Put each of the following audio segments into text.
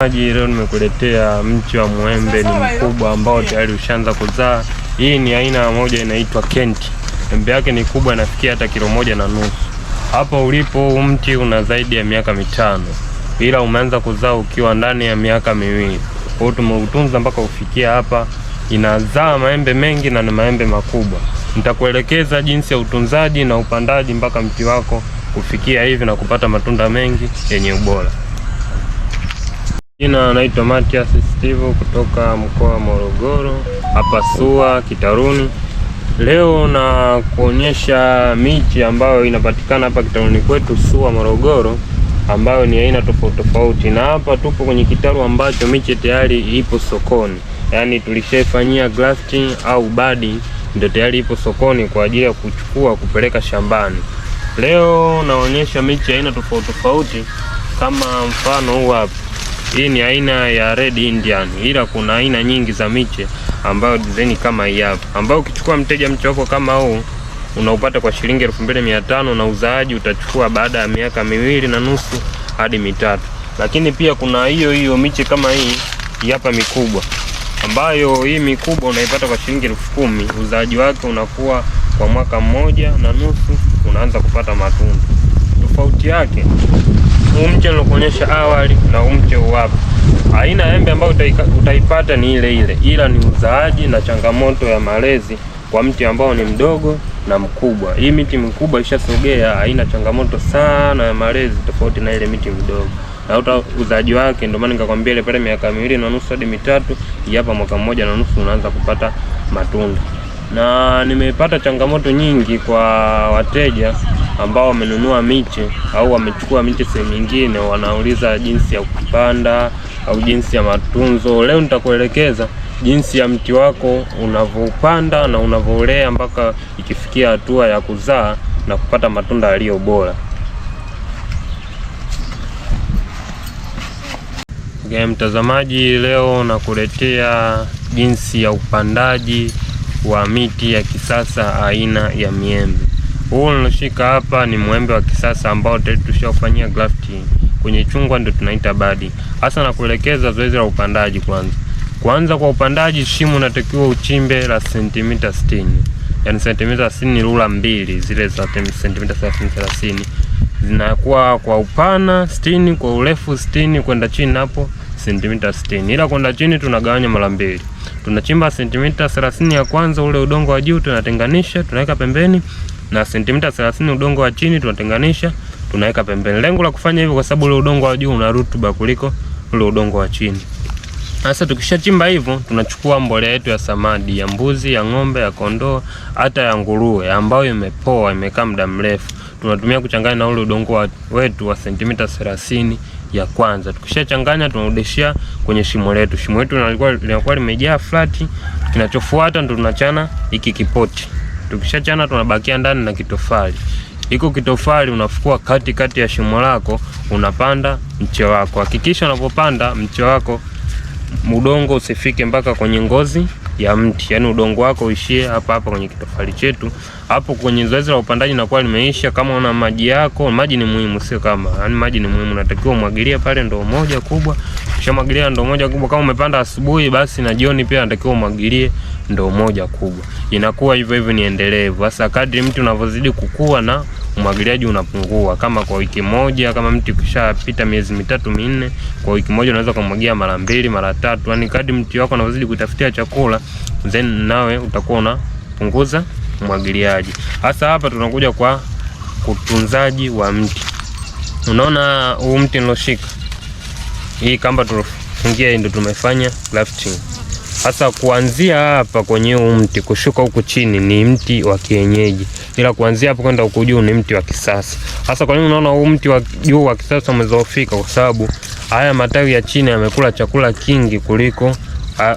Maji leo nimekuletea mchi wa mwembe, ni mkubwa ambao tayari ushaanza kuzaa. Hii ni aina moja inaitwa Kent. Embe yake ni kubwa, inafikia hata kilo moja na nusu. Hapa ulipo huu mti una zaidi ya miaka mitano, ila umeanza kuzaa ukiwa ndani ya miaka miwili. Kwa hiyo tumeutunza mpaka ufikia hapa, inazaa maembe mengi na ni maembe makubwa. Nitakuelekeza jinsi ya utunzaji na upandaji mpaka mti wako kufikia hivi na kupata matunda mengi yenye ubora. Jina naitwa Matias Steve kutoka mkoa wa Morogoro, hapa SUA Kitaruni. Leo na kuonyesha miche ambayo inapatikana hapa Kitaruni kwetu SUA Morogoro, ambayo ni aina tofauti tofauti, na hapa tupo kwenye kitaru ambacho miche tayari ipo sokoni, yaani tulishaifanyia grafting au badi, ndio tayari ipo sokoni kwa ajili ya kuchukua kupeleka shambani. Leo naonyesha miche aina tofauti tofauti, kama mfano huu hapa hii ni aina ya Red Indian, ila kuna aina nyingi za miche ambayo design kama hii hapa, ambayo ukichukua mteja mche wako kama huu unaupata kwa shilingi 2500 na uzaaji utachukua baada ya miaka miwili na nusu hadi mitatu. Lakini pia kuna hiyo hiyo miche kama hii hapa mikubwa, ambayo hii mikubwa unaipata kwa shilingi elfu kumi. Uzaaji wake unakuwa kwa mwaka mmoja na nusu, unaanza kupata matunda. Tofauti yake huu mche nilokuonyesha awali na huu mche hapa. Aina ya embe ambayo utaipata ni ile ile, ila ni uzaaji na changamoto ya malezi kwa mti ambao ni mdogo na mkubwa. Hii miti mikubwa ishasogea, haina changamoto sana ya malezi, tofauti na ile miti midogo na uta uzaaji wake. Ndio maana nikakwambia ile pale miaka miwili na nusu hadi mitatu, hapa mwaka mmoja na nusu unaanza kupata matunda, na nimepata changamoto nyingi kwa wateja ambao wamenunua miche au wamechukua miche sehemu nyingine, wanauliza jinsi ya kupanda au jinsi ya matunzo. Leo nitakuelekeza jinsi ya mti wako unavyopanda na unavyolea mpaka ikifikia hatua ya kuzaa na kupata matunda yaliyo bora. Okay, mtazamaji, leo nakuletea jinsi ya upandaji wa miti ya kisasa aina ya miembe. Huu niloshika hapa ni mwembe wa kisasa ambao tayari tushaufanyia grafting kwenye chungwa, ndio tunaita badi. Hasa nakuelekeza zoezi la upandaji kwanza. Kwanza kwa upandaji, shimo unatakiwa uchimbe la sentimita 60. Yaani sentimita 60 ni rula mbili, zile za sentimita 30 zinakuwa kwa upana 60, kwa urefu 60, kwenda chini hapo sentimita 60. Ila kwenda chini tunagawanya mara mbili. Tunachimba sentimita 30 ya kwanza, ule udongo wa juu tunatenganisha, tunaweka pembeni na sentimita 30 udongo wa chini tunatenganisha, tunaweka pembeni. Lengo la kufanya hivyo kwa sababu ule udongo wa juu una rutuba kuliko ule udongo wa chini. Sasa tukishachimba hivyo, tunachukua mbolea yetu ya samadi ya mbuzi, ya ng'ombe, ya kondoo, hata ya nguruwe ambayo imepoa, imekaa muda mrefu, tunatumia kuchanganya na ule udongo wetu wa sentimita 30 ya kwanza. Tukishachanganya tunarudishia kwenye shimo letu. Shimo letu linakuwa limejaa flat, kinachofuata ndo tunachana hiki kipoti. Tukishachana tunabakia ndani na kitofali. Iko kitofali unafukua kati kati ya shimo lako, unapanda mche wako. Hakikisha unapopanda mche wako udongo usifike mpaka kwenye ngozi ya mti, yaani udongo wako uishie hapa hapa kwenye kitofali chetu. Hapo kwenye zoezi la upandaji nakuwa limeisha. Kama una maji yako, maji ni muhimu, sio kama, yaani maji ni muhimu, natakiwa umwagilie pale ndoo moja kubwa, ushamwagilia ndoo moja kubwa. Kama umepanda asubuhi, basi na jioni pia natakiwa umwagilie ndoo moja kubwa. Inakuwa hivyo hivyo, ni endelevu. Sasa kadri mti unavyozidi kukua na umwagiliaji unapungua, kama kwa wiki moja, kama mti ukishapita miezi mitatu minne, kwa wiki moja unaweza kumwagia mara mbili mara tatu, yani kadri mti wako unazidi kutafutia chakula, then nawe utakuwa unapunguza umwagiliaji. Hasa hapa tunakuja kwa utunzaji wa mti. Unaona huu mti niloshika, hii kamba tulofungia, ndio tumefanya grafting. Sasa kuanzia hapa kwenye huu mti kushuka huku chini ni mti wa kienyeji, ila kuanzia hapo kwenda huku juu ni mti wa kisasa. Sasa kwa nini unaona huu mti wa juu wa kisasa umezoofika? Kwa sababu haya matawi ya chini yamekula chakula kingi kuliko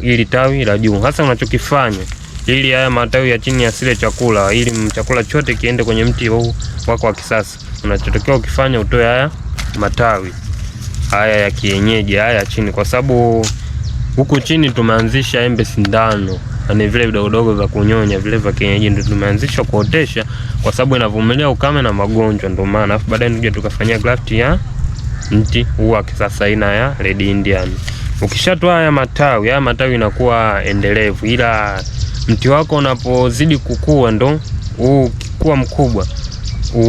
ili tawi la juu. Sasa unachokifanya ili haya matawi ya chini yasile chakula, ili chakula chote kiende kwenye mti huu wako wa kisasa, unachotokea ukifanya, utoe haya matawi haya ya kienyeji, haya ya chini, kwa sababu Huku chini tumeanzisha embe sindano, ni vile vidogodogo vya kunyonya vile vya kienyeji ndio tumeanzisha kuotesha, kwa sababu inavumilia ukame na magonjwa, ndio maana afu baadaye ndio tukafanyia graft ya mti huu wa kisasa aina ya Red Indian. Ukishatoa haya matawi, haya matawi inakuwa endelevu, ila mti wako unapozidi kukua, ndo huu kikuwa mkubwa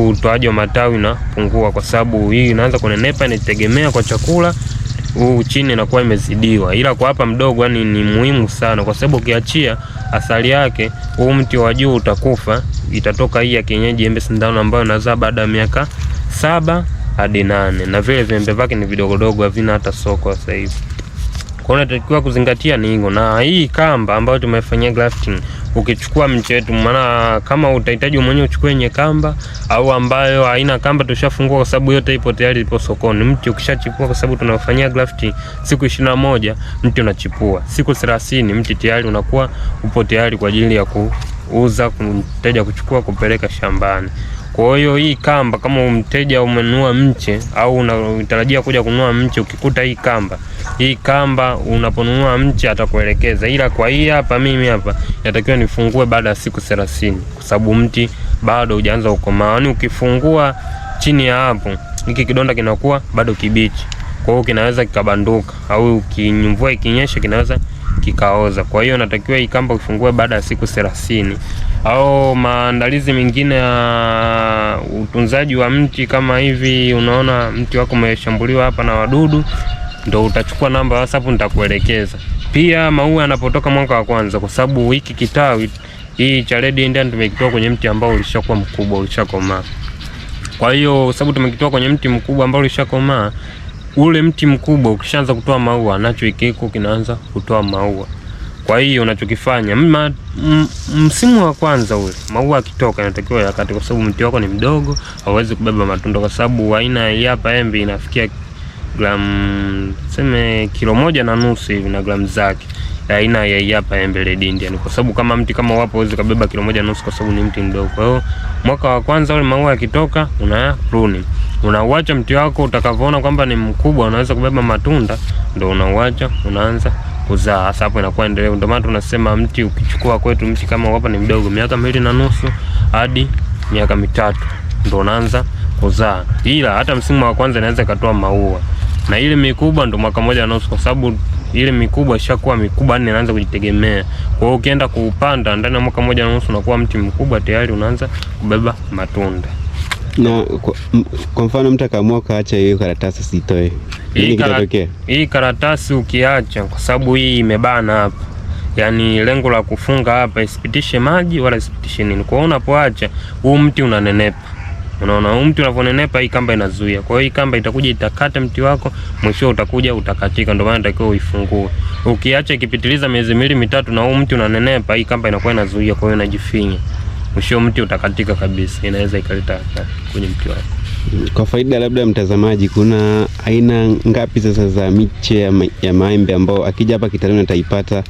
utoaji wa matawi unapungua, kwa sababu hii inaanza kunenepa, inategemea kwa chakula huu chini inakuwa imezidiwa, ila kwa hapa mdogo, yani ni muhimu sana, kwa sababu ukiachia athari yake huu mti wa juu utakufa. Itatoka hii ya kienyeji embe sindano ambayo inazaa baada ya miaka saba hadi nane, na vile viembe vyake ni vidogodogo, havina hata soko sasa hivi. Kwa hiyo natakiwa kuzingatia ni hiyo. na hii kamba ambayo tumefanyia grafting, ukichukua mche wetu, maana kama utahitaji mwenyewe uchukue yenye kamba au ambayo haina kamba, tushafungua kwa sababu yote ipo tayari, ipo sokoni. Mti ukishachipua, kwa sababu tunafanyia grafting, siku 21 mti unachipua, siku 30 mti tayari unakuwa upo tayari kwa ajili ya kuuza, mteja kuchukua, kupeleka shambani. Kwa hiyo hii kamba kama mteja umenunua mche au unatarajia kuja kununua mche, ukikuta hii kamba, hii kamba unaponunua mche atakuelekeza, ila kwa hii hapa, mimi hapa natakiwa nifungue baada ya siku 30 kwa sababu mti bado hujaanza kukomaa. Yaani ukifungua chini ya hapo, hiki kidonda kinakuwa bado kibichi, kwa hiyo kinaweza kikabanduka, au ukinyumvua ikinyesha, kinaweza kikaoza. Kwa hiyo natakiwa hii kamba ufungue baada ya siku 30 au maandalizi mengine ya utunzaji wa mti. Kama hivi unaona mti wako umeshambuliwa hapa na wadudu, ndio utachukua namba ya WhatsApp nitakuelekeza. Pia maua yanapotoka mwaka wa kwanza, kwa sababu wiki kitawi hii cha Red Indian tumekitoa kwenye mti ambao ulishakuwa mkubwa, ulishakomaa. Kwa hiyo sababu tumekitoa kwenye mti mkubwa ambao ulishakomaa, ule mti mkubwa ukishaanza kutoa maua, nacho ikiko kinaanza kutoa maua kwa hiyo unachokifanya, mm, mm, msimu wa kwanza ule maua akitoka inatakiwa yakati, kwa sababu mti wako ni mdogo, hauwezi kubeba matunda, kwa sababu aina hii hapa embe inafikia gram seme kilo moja na nusu hivi na gram zake aina ya hapa embe Red Indian, kwa sababu kama mti kama wapo uweze kubeba kilo moja na nusu, kwa sababu ni mti mdogo. Kwa hiyo mwaka wa kwanza ule maua yakitoka, una prune, unauacha mti wako. Utakavyoona kwamba ni mkubwa, unaweza kubeba matunda, ndio unauacha, unaanza kuzaa, sababu inakuwa endelevu. Ndio maana tunasema mti ukichukua kwetu, mti kama hapa ni mdogo, miaka miwili na nusu hadi miaka mitatu ndio unaanza kuzaa, ila hata msimu wa kwanza inaweza ikatoa maua, na ile mikubwa ndio mwaka mmoja na nusu, kwa sababu ile mikubwa ishakuwa mikubwa nne yaani inaanza kujitegemea. Kwa hiyo ukienda kuupanda ndani ya mwaka mmoja na nusu unakuwa mti mkubwa tayari, unaanza kubeba matunda. Na kwa, kwa mfano mtu akaamua kaacha hiyo karatasi sitoe. hii, kitatokea? Hii karatasi ukiacha kwa sababu hii imebana hapa. Yaani lengo la kufunga hapa isipitishe maji wala isipitishe nini. Kwa hiyo unapoacha huu mti unanenepa. Unaona huu mti unavyonenepa, hii kamba inazuia. Kwa hiyo hii kamba itakuja itakata mti wako, mwisho utakuja utakatika. Ndio maana natakiwa uifungue. Ukiacha ikipitiliza miezi miwili mitatu na huu mti unanenepa, hii kamba inakuwa inazuia, kwa hiyo inajifinya mwisho mti utakatika kabisa, inaweza ikaleta kwenye mti wako. Kwa faida labda mtazamaji, kuna aina ngapi sasa za miche ya, ma ya maembe ambao akija hapa kitaluni ataipata,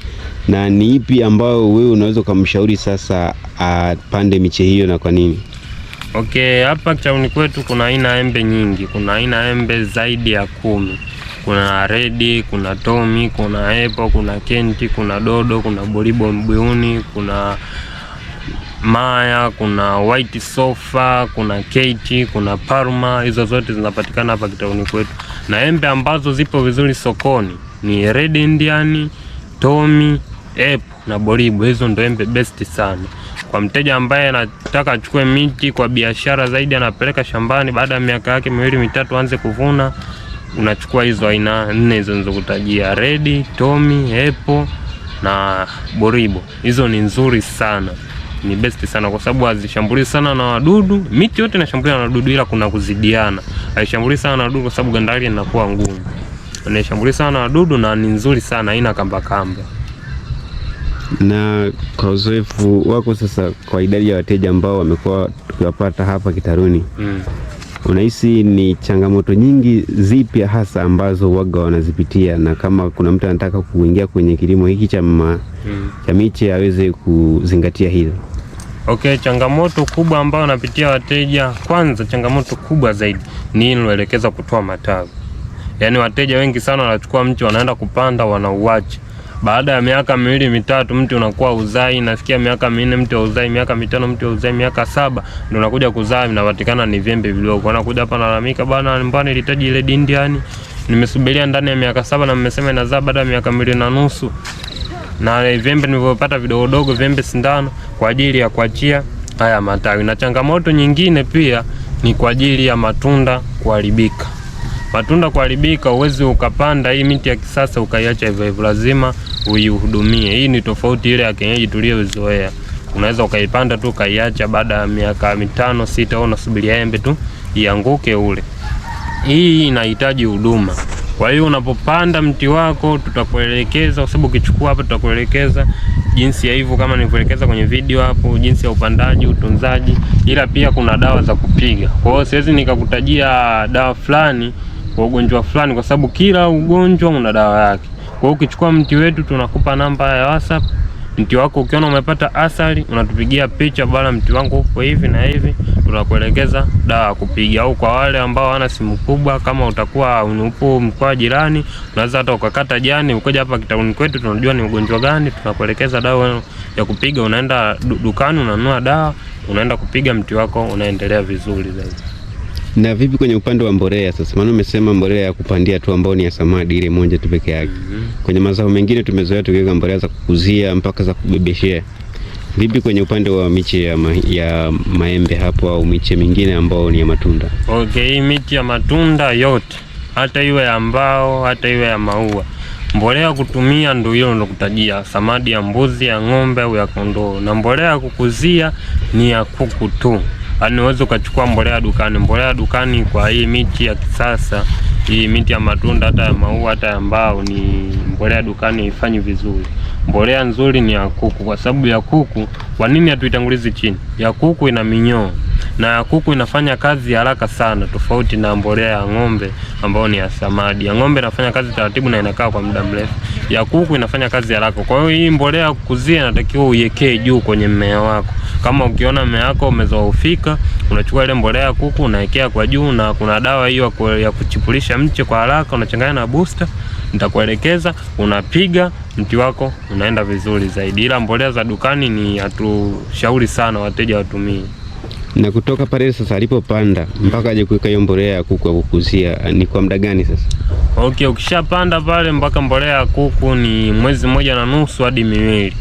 na ni ipi ambayo wewe unaweza ukamshauri sasa apande miche hiyo na kwa nini? Okay, hapa kitaluni kwetu kuna aina embe nyingi, kuna aina embe zaidi ya kumi. Kuna redi, kuna tomi, kuna epo, kuna kenti, kuna dodo, kuna boribo mbuyuni, kuna Maya, kuna white sofa, kuna kechi, kuna parma. Hizo zote zinapatikana hapa kitauni kwetu, na embe ambazo zipo vizuri sokoni ni Red Indian, Tommy, Apple na Boribu. Hizo ndo embe best sana kwa mteja ambaye anataka achukue miti kwa biashara zaidi, anapeleka shambani, baada ya miaka yake miwili mitatu anze kuvuna. Unachukua hizo aina nne hizo nizokutajia, Red, Tommy, Apple na Boribo. Hizo ni nzuri sana ni best sana kwa sababu azishambulii sana na wadudu. Miti yote inashambuliwa na wadudu, ila kuna kuzidiana. aishambulii sana na wadudu kwa sababu ganda lake linakuwa ngumu. Inaishambulii sana na wadudu na ni nzuri sana, haina kamba kamba. Na kwa uzoefu wako sasa, kwa idadi ya wateja ambao wamekuwa tukiwapata hapa kitaruni mm. Unahisi ni changamoto nyingi zipi hasa ambazo waga wanazipitia, na kama kuna mtu anataka kuingia kwenye kilimo hiki cha mm. cha miche aweze kuzingatia hilo? Okay, changamoto kubwa ambayo wanapitia wateja, kwanza changamoto kubwa zaidi ni niloelekeza kutoa matawi. Yaani wateja wengi sana wanachukua mche wanaenda kupanda wanauacha baada ya miaka miwili mitatu, mtu unakuwa uzai, nafikia miaka minne mtu auzai, miaka mitano mtu auzai, miaka saba ndio unakuja kuzaa, vinapatikana ni vyembe vidogo. Anakuja hapa nalalamika, bwana, nyumbani ilitaji ile dindiani, nimesubiria ndani ya miaka saba na mmesema inazaa baada ya miaka miwili na nusu, na vyembe nilivyopata vidogodogo, vyembe sindano kwa ajili ya kuachia haya matawi. Na changamoto nyingine pia ni kwa ajili ya matunda kuharibika. Matunda kuharibika, uwezi ukapanda hii miti ya kisasa ukaiacha hivyo hivyo, lazima uihudumie. Hii ni tofauti ile ya kienyeji tuliyozoea, unaweza ukaipanda tu ukaiacha, baada ya miaka mitano sita au unasubiria embe tu ianguke ule. Hii inahitaji huduma. Kwa hiyo unapopanda mti wako, tutakuelekeza kwa sababu ukichukua hapa, tutakuelekeza jinsi ya hivyo, kama nilivyoelekeza kwenye video hapo, jinsi ya upandaji, utunzaji, ila pia kuna dawa za kupiga. Kwa hiyo siwezi nikakutajia dawa fulani kwa ugonjwa fulani, kwa sababu kila ugonjwa una dawa yake. Kwa hiyo ukichukua mti wetu tunakupa namba ya WhatsApp. Mti wako ukiona umepata athari, unatupigia picha, bwana, mti wangu uko hivi na hivi, tunakuelekeza dawa ya kupiga. Au kwa wale ambao wana simu kubwa, kama utakuwa unupo mkoa jirani, unaweza hata ukakata jani, ukaja hapa kitauni kwetu, tunajua ni ugonjwa gani, tunakuelekeza dawa ya kupiga. Unaenda dukani, unanunua dawa, unaenda kupiga mti wako, unaendelea vizuri zaidi. Na vipi kwenye upande wa mbolea sasa? Maana umesema mbolea ya kupandia tu ambayo ni ya samadi ile moja tu peke yake. Mm -hmm. Kwenye mazao mengine tumezoea tukiweka mbolea za kukuzia mpaka za kubebeshea. Vipi kwenye upande wa miche ya, ma ya maembe hapo au miche mingine ambao ni ya matunda? Okay, miche ya matunda yote hata iwe ya mbao hata iwe ya maua, mbolea kutumia ndio hilo nilokutajia, samadi ya mbuzi, ya ng'ombe au ya kondoo, na mbolea ya kukuzia ni ya kuku tu anaweza ukachukua mbolea dukani. Mbolea dukani kwa hii miti ya kisasa, hii miti ya matunda, hata ya maua, hata ya mbao, ni mbolea dukani haifanyi vizuri. Mbolea nzuri ni ya kuku, kwa sababu ya kuku, kwa nini hatuitangulizi chini? Ya kuku ina minyoo na kuku inafanya kazi haraka sana, tofauti na mbolea ya ng'ombe ambayo ni ya samadi. Ya ng'ombe inafanya kazi taratibu na inakaa kwa muda mrefu, ya kuku inafanya kazi haraka. Kwa hiyo hii mbolea ya kukuzia inatakiwa uiwekee juu kwenye mmea wako. Kama ukiona mmea wako umezoofika, unachukua ile mbolea ya kuku unaekea kwa juu, na kuna dawa hiyo ya kuchipulisha mche kwa haraka, unachanganya na booster nitakuelekeza unapiga mti wako unaenda vizuri zaidi, ila mbolea za dukani ni hatushauri sana wateja watumie. Na kutoka pale sasa alipopanda mpaka aje kuweka hiyo mbolea ya kuku ya kukuzia ni kwa muda gani sasa? Okay, ukishapanda pale mpaka mbolea ya kuku ni mwezi mmoja na nusu hadi miwili,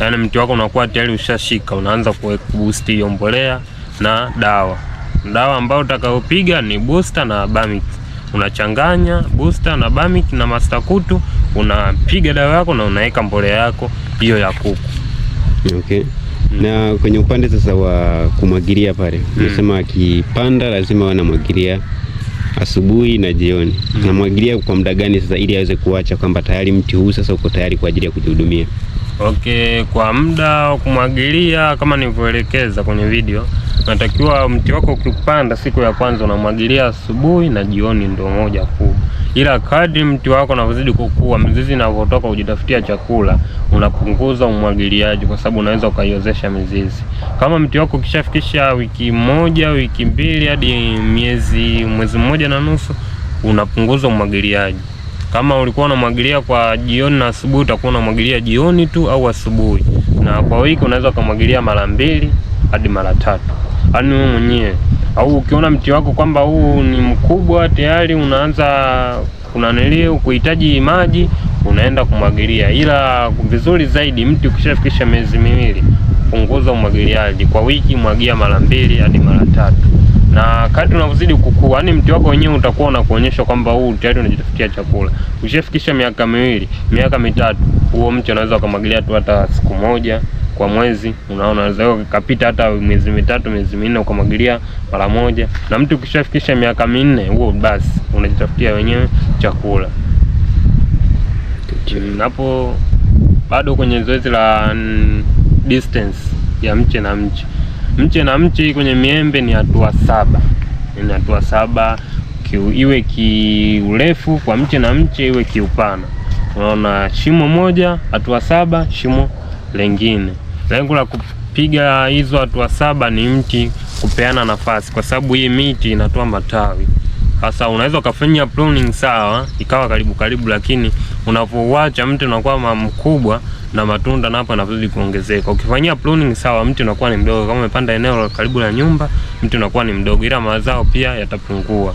yaani mti wako unakuwa tayari ushashika, unaanza kuboost hiyo mbolea na dawa. Dawa ambayo utakayopiga ni booster na bamik, unachanganya booster na bamik na master kutu, unapiga dawa yako na unaweka mbolea yako hiyo ya kuku. Okay na kwenye upande sasa wa kumwagilia pale nasema mm. akipanda lazima wanamwagilia asubuhi na jioni mm. namwagilia kwa muda gani sasa, ili aweze kuacha kwamba tayari mti huu sasa uko tayari kwa ajili ya kujihudumia? Okay, kwa muda wa kumwagilia kama nilivyoelekeza kwenye video, natakiwa mti wako ukipanda siku ya kwanza unamwagilia asubuhi na jioni, ndio moja kuu ila kadri mti wako unavyozidi kukua, mizizi inavyotoka kujitafutia chakula, unapunguza umwagiliaji, kwa sababu unaweza ukaiozesha mizizi. Kama mti wako ukishafikisha wiki moja, wiki mbili hadi miezi, mwezi mmoja na nusu, unapunguza umwagiliaji. Kama ulikuwa unamwagilia kwa jioni na asubuhi, utakuwa unamwagilia jioni tu au asubuhi, na kwa wiki unaweza ukamwagilia mara mbili hadi mara tatu, yaani wewe mwenyewe au ukiona mti wako kwamba huu ni mkubwa tayari, unaanza kuna kuhitaji maji, unaenda kumwagilia. Ila vizuri zaidi mti ukishafikisha miezi miwili, punguza umwagiliaji kwa wiki, mwagia mara mbili hadi mara tatu, na kadri unavyozidi kukua, yani mti wako wenyewe utakuwa unakuonyesha kwamba huu tayari unajitafutia chakula. Ukishafikisha miaka miwili, miaka mitatu, huo mti unaweza ukamwagilia tu hata siku moja kwa mwezi, unaona unaweza ukapita hata miezi mitatu miezi minne ukamwagilia mara moja, na mtu ukishafikisha miaka minne huo basi unajitafutia wenyewe chakula. Napo bado kwenye zoezi la distance ya mche na mche, mche na mche kwenye miembe ni hatua saba, ni hatua saba kiu, iwe kiurefu kwa mche na mche, iwe kiupana. Unaona, shimo moja hatua saba, shimo lengine Lengo la kupiga hizo hatua saba ni mti kupeana nafasi, kwa sababu hii miti inatoa matawi. Sasa unaweza ukafanya pruning sawa, ikawa karibu karibu, lakini unapouacha mti unakuwa mkubwa na matunda napo yanazidi kuongezeka. Ukifanyia pruning sawa, mti unakuwa ni mdogo. Kama umepanda eneo karibu na nyumba, mti unakuwa ni mdogo, ila mazao pia yatapungua.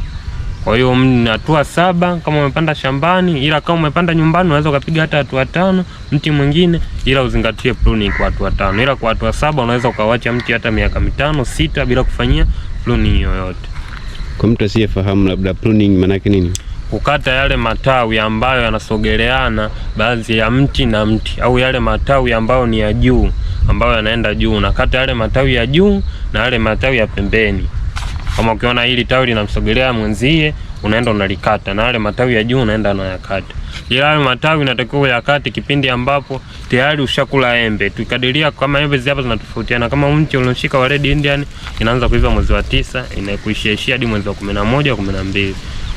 Kwa hiyo hatua saba kama umepanda shambani, ila kama umepanda nyumbani unaweza ukapiga hata hatua tano mti mwingine, ila uzingatie pruning kwa hatua tano, ila kwa hatua saba unaweza ukawacha mti hata miaka mitano sita bila kufanyia pruning yoyote. Kwa mtu asiyefahamu labda pruning maana yake nini? Kukata yale matawi ambayo yanasogeleana baadhi ya mti na mti, au yale matawi ambayo ni ya juu ambayo yanaenda juu, nakata yale matawi ya juu na yale matawi ya pembeni kama ukiona hili tawi linamsogelea mwenzie, unaenda unalikata, na yale matawi ya juu unaenda unayakata. Ila yale matawi unatakiwa uyakate kipindi ambapo tayari ushakula embe. Tukadiria kama embe zipo zinatofautiana, kama mche ulioshika wa Red Indian inaanza kuiva mwezi wa tisa, inakuishia hadi mwezi wa 11 au 12.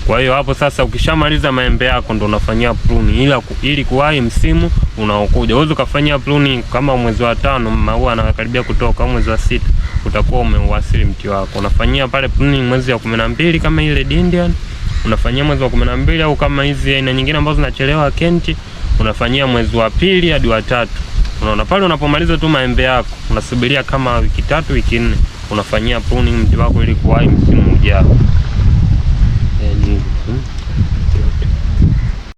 Kwa hiyo hapo sasa ukishamaliza maembe yako ndo unafanyia pruni, ila ku, ili kuwahi msimu unaokuja. Uweze ukafanyia pruni kama mwezi wa tano, maua yanakaribia kutoka, au mwezi wa sita utakuwa umeuasili mti wako. Unafanyia pale pruning mwezi wa kumi na mbili kama ile Indian unafanyia mwezi wa kumi na mbili au kama hizi aina nyingine ambazo zinachelewa kenti unafanyia mwezi wa pili hadi wa tatu. Unaona pale unapomaliza tu maembe yako unasubiria kama wiki tatu wiki nne unafanyia pruning mti wako ili kuwahi msimu ujao.